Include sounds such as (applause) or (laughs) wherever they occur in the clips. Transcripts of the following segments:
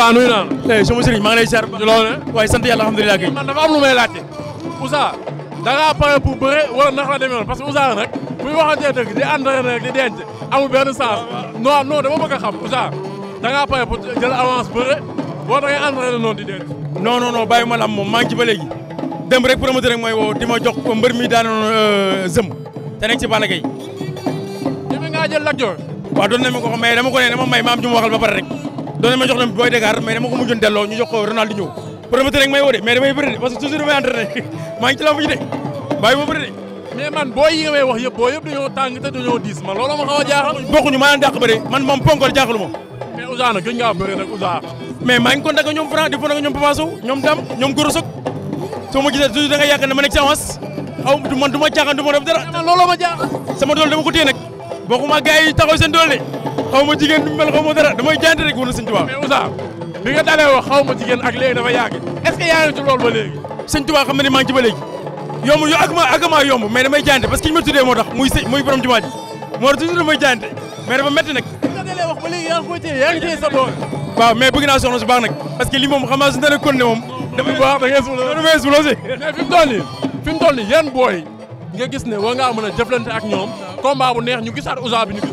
Ousa nuyu naa la. eh sama sëriñ maa ngi lay ziar. ci waaye sant yàlla alhamdulilah kay. man may laajte Ousa da ngaa bëre wala nax la demee woon parce que Ousa nag muy waxantee dëgg di entraîné rek di denc amul benn sens non non dama bëgg a xam Ousa da ngaa pare pour bëre boo da ngay entraîné di denc. non non non bàyyi ma moom maa ngi ci ba léegi dem rek promoteur rek mooy woo di ma jox mbër mi daanoon euh, zëm te nekk ci Balla Gaye. jëmee ngaa jël Lat doon ko xam mais dama ko ne dama may doon ma jox leen Boy Dakar mais dama ko mujjoon delloo ñu jox ko Ronaldinho promoteur rek de mais damay bëri de parce que toujours damay entraîné (laughs) maa ngi ci lamb ji de bàyyi ma bëri de mais man boo yi nga may wax yëpp boo yëpp dañoo tàng diis ma xaw a jaaxal bokkuñu maa dàq bëri man moom ponkor jaaxalu ma mais Ousseynou gën ngaa bëri nag Ousseynou mais maa ngi contact ak ñoom Franc Dam ñoom Goro Sok soo ma gisee toujours nga yaakaar ne ma nekk ci aw man du ma caaxaan du xaw jigéen bi mel xaw ma dara damay jaante rek wala sëñ Tuubaa mais Ousa bi nga dalee wax xaw jigéen ak léegi dafa yàgg est ce que loolu ba léegi sëñ Tuubaa xam na ne ak ma ak maa yomb mais damay jaante parce que ñu ma tuddee moo tax muy sëñ muy borom jumaa moo tax toujours damay jaante mais dafa métti nag bi nga dalee wax ba yaa ngi koy téye yaa ngi téye sa doole waaw mais bëgg nag parce li moom xam naa suñu ne moom dafa baax a combat bu neex ñu gisaat Ousa bi ni gis.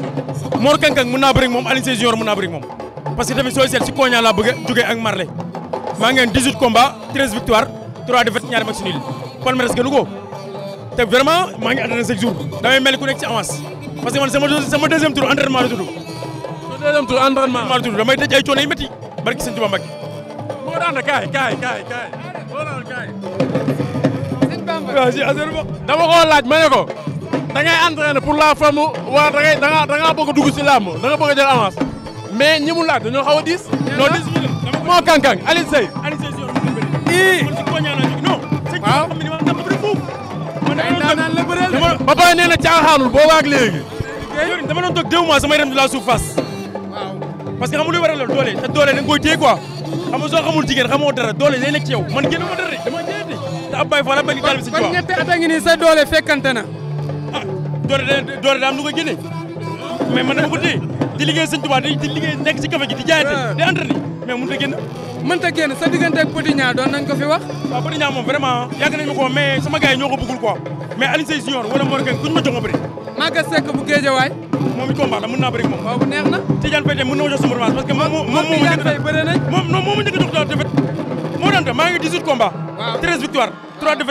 Mor Kang Kang mën naa bëri moom Alioune Sèye Junior mën moom parce que tamit sooy si Koña laa bëgg a jógee ak Marley maa ngeen 18 combats 13 victoires 3 défaites ñaari match nul palmarès gënu te vraiment maa ngi entraîné chaque damay mel nekk ci avance parce man sama sama deuxième tour entraînement la tudd. damay daj ay coono yu métti barki sëñ Tuba Mbacke. moo daan kaay kaay kaay kaay moo kaay. dama da ngay entraîné pour la femme wala da ngay da ngaa da ngaa bëgg a dugg si làmb da nga bëgg a jël avance mais ñi mu laaj dañoo xaw a diis. non diis moo kànkang Alioune Seye. Alioune Seye si yow non. ba pare nee na caaxaanul boobaa ak léegi. dama doon toog deux samay dem di la surface. waaw parce que xam doole te doole da nga koy téye quoi. soo xamul jigéen xamoo dara doole lay nekk ci yow man génn ma dara de dama jeex de. te ab bay a si quoi kon ñetti at a sa doole fekkante na doole doole daam lu ko génne mais man dama ko di liggéey sëñ Tuubaa di liggéey nekk ci café gi di jaayante di entraîné mais mënut a génn mënta génn sa diggante ak Petit doon nañ ko fi wax waaw Petit Niang moom ma ko mais sama gars yi ñoo ko bëggul quoi mais Alioune Seye Junior wala Mor Kang ku ñu ma jox ma bëri Maga la mën naa bëri moom waaw bu neex na Tidiane Faye parce que moom moom Tidiane defet moo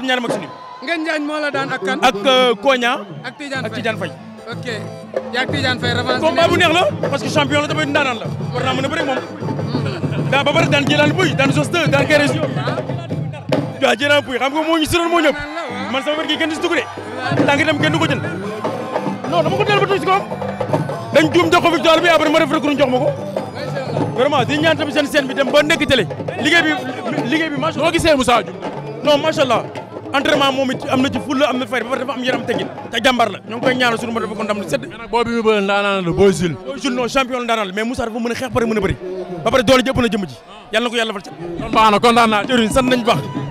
daan Ngën Njaañ moo la daan ak kan. ak euh, Koña. ak Tidiane Faye bu neex la parce que champion la tamit ndaanaan la war mën a bëri moom. Hmm. daa ba pare daan jëlaat buy daan sos te daan kay région. waaw ah. jëlaat buy xam nga si doon moo ñëpp. man sama wér gi kenn du si dugg de. tànk dem kenn du ko jël. non dama ko dellu si kawam. dañ juum jox ko victoire bi après ma def recours jox ma ko. di ñaan tamit seen scène bi dem ba nekk télé. liggéey bi liggéey bi macha allah. noo gisee Moussa Diouf. entraînement moom am na ci fulla am na fay dafa am yaram tegin te jàmbar la ñoo ngi koy ma dafa ko ndam lu sedd boobu bi bëri la Boy Jules Boy Jules la ndaanaan la mais Moussa dafa mën xeex pare mën a bëri doole ji ëpp na jëm na ko yàlla fal cat baax na kontaan naa jëriñ